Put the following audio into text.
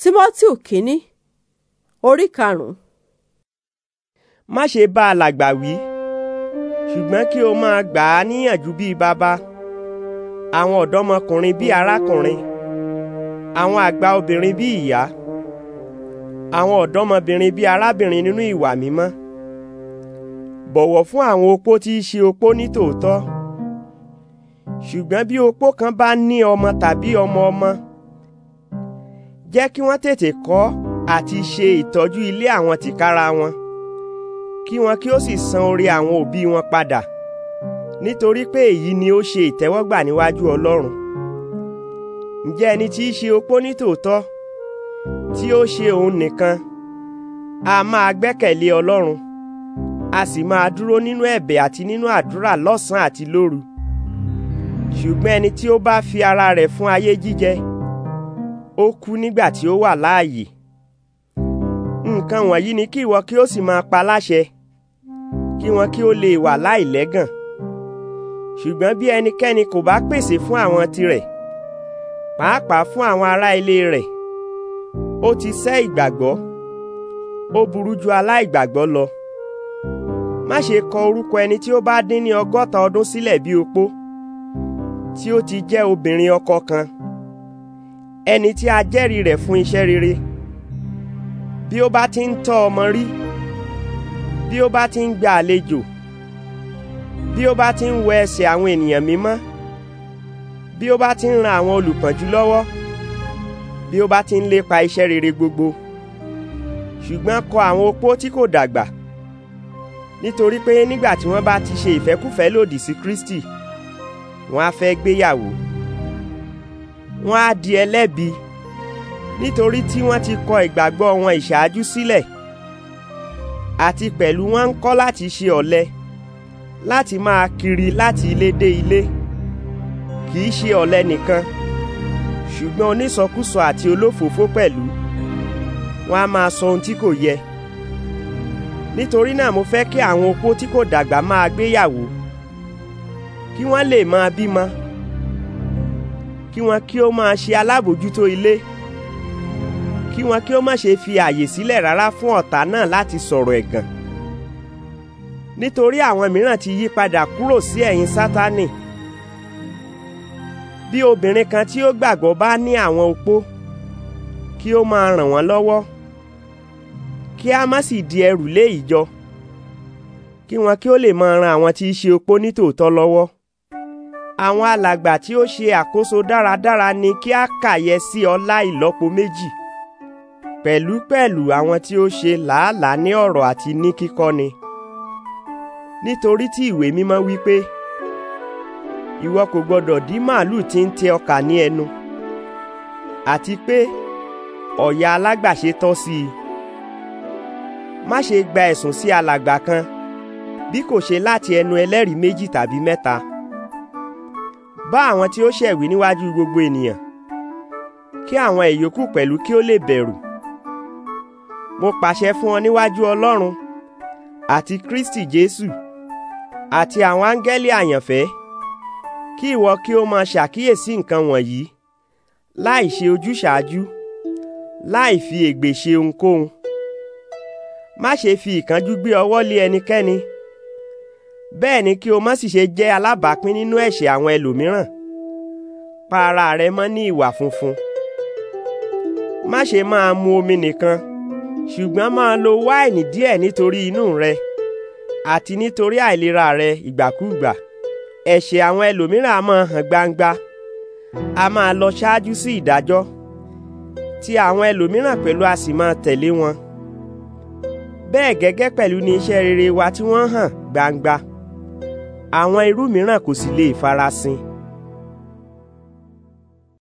Tímọ́tì kínní orí karùn-ún. má ṣe bá alàgbà wí ṣùgbọ́n kí o máa gbà á níyànjú bíi bàbá àwọn ọ̀dọ́mọkùnrin bíi arákùnrin àwọn àgbà obìnrin bíi ìyá àwọn ọ̀dọ́mọbìnrin bíi arábìnrin nínú ìwà mímọ́ bọ̀wọ̀ fún àwọn opó tí í ṣe opó nítòótọ́ ṣùgbọ́n bí opó kan bá ní ọmọ tàbí ọmọ ọmọ. Ọmọ jẹ́ kí wọ́n tètè kọ́ àti ṣe ìtọ́jú ilé àwọn tìkára wọn kí wọn kí ó sì san oore àwọn òbí wọn padà nítorí pé èyí ni ó ṣe ìtẹ́wọ́gbà níwájú Ọlọ́run ǹjẹ́ ẹni tí í ṣe opó nítòótọ́ tí ó ṣe òun nìkan a máa gbẹ́kẹ̀lé Ọlọ́run a sì máa dúró nínú ẹ̀bẹ̀ àti nínú àdúrà lọ́sàn-án àti lóru ṣùgbọ́n ẹni tí ó bá fi ara rẹ̀ fún ayé jíjẹ ó kú nígbà tí ó wà láàyè nǹkan wọ̀nyí ni kí ìwọ kí ó sì máa pa láṣẹ kí wọn kí ó lè wà láìlẹ́gàn ṣùgbọ́n bí ẹnikẹ́ni kò bá pèsè fún àwọn tirẹ̀ pàápàá fún àwọn ará ilé rẹ̀ ó ti sẹ́ ìgbàgbọ́ ó burú ju aláìgbàgbọ́ lọ má ṣe kọ orúkọ ẹni tí ó bá dín ní ọgọ́ta ọdún sílẹ̀ bí opó tí ó ti jẹ́ obìnrin ọkọ kan ẹni tí a jẹ́rìí rẹ̀ fún iṣẹ́ rere bí ó bá ti ń tọ́ ọmọ rí bí ó bá ti ń gba àlejò bí ó bá ti ń wẹ ẹsẹ̀ àwọn ènìyàn mímọ́ bí ó bá ti ń ran àwọn olùpọ́njú lọ́wọ́ bí ó bá ti ń lépa iṣẹ́ rere gbogbo ṣùgbọ́n kọ àwọn opó tí kò dàgbà nítorí pé nígbà tí wọ́n bá ti ṣe ìfẹ́kúfẹ́ lòdì sí Kristi wọ́n á fẹ́ gbéyàwó wọ́n á di ẹlẹ́bi nítorí tí wọ́n ti kọ ìgbàgbọ́ wọn ìṣáájú sílẹ̀ àti pẹ̀lú wọn ń kọ́ láti ṣe ọ̀lẹ láti máa kiri láti ilé dé ilé kì í ṣe ọ̀lẹ nìkan ṣùgbọ́n onísọkúsọ àti olófòófó pẹ̀lú wọn a máa sọ ohun tí kò yẹ nítorí náà mo fẹ́ kí àwọn opó tí kò dàgbà máa gbéyàwó kí wọ́n lè máa bímọ kí wọn kí ó máa ṣe alábòjútó ilé kí wọn kí ó má ṣe fi àyè sílẹ̀ rárá fún ọ̀tá náà láti sọ̀rọ̀ ẹ̀gàn nítorí àwọn mìíràn ti yí padà kúrò sí ẹ̀yìn sátánì bí obìnrin kan tí ó gbàgbọ́ bá ní àwọn opó kí ó máa ràn wọ́n lọ́wọ́ kí a má sì di ẹrù lé ìjọ kí wọn kí ó lè máa ran àwọn tí í ṣe opó nítòótọ́ lọ́wọ́ àwọn alàgbà tí ó ṣe àkóso dáradára ni kí a kàyẹ sí ọlá ìlọ́po méjì pẹ̀lúpẹ̀lú àwọn tí ó ṣe làálàá ní ọ̀rọ̀ àti ní kíkọ́ni nítorí tí ìwé mímọ́ wí pé ìwọ kò gbọdọ̀ dí màálù tí ń tẹ ọkà ní ẹnu àti pé ọ̀yà alágbàṣe tọ́ sí i má ṣe gba ẹ̀sùn sí alàgbà kan bí kò ṣe láti ẹnu ẹlẹ́rìí méjì tàbí mẹ́ta bá àwọn tí ó ṣẹ̀ wí níwájú gbogbo ènìyàn kí àwọn ìyókù pẹ̀lú kí ó lè bẹ̀rù mo pàṣẹ fún ọ níwájú Ọlọ́run àti Kristi Jésù àti àwọn áńgẹ́lì àyànfẹ́ kí ìwọ kí o máa ṣàkíyèsí nǹkan wọ̀nyí láì ṣe ojúṣàájú láì fi ègbè ṣe ohunkóhun má ṣe fi ìkánjú gbé ọwọ́ lé ẹnikẹ́ni. E bẹ́ẹ̀ ni kí o má sì ṣe jẹ́ alábàápín nínú ẹ̀ṣẹ̀ àwọn ẹlòmíràn pa ara rẹ mọ́ ní ìwà funfun má ṣe máa mu omi nìkan ṣùgbọ́n máa lo wáìnì díẹ̀ nítorí inú rẹ àti nítorí àìlera rẹ ìgbàkúùgbà ẹ̀ṣẹ̀ àwọn ẹlòmíràn a máa hàn gbangba a máa lọ ṣáájú sí ìdájọ́ ti àwọn ẹlòmíràn pẹ̀lú a sì máa tẹ̀lé wọn bẹ́ẹ̀ gẹ́gẹ́ pẹ̀lú ni iṣẹ́ rere wa tí wọ́n hàn gbangba àwọn irú mìíràn kò sì lè farasin